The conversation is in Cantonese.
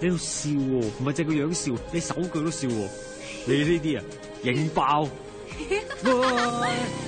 你喺度笑喎，唔係淨係個樣笑，你手腳都笑喎。你呢啲啊，影爆。